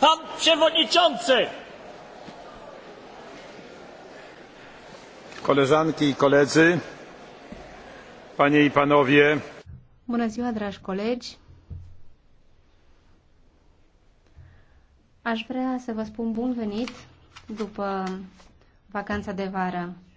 Pan Przewodniczący! Koleżanki i koledzy, Panie i Panowie. Bună ziua, dragi colegi! Aș vrea să vă spun bun venit după vacanța de vară.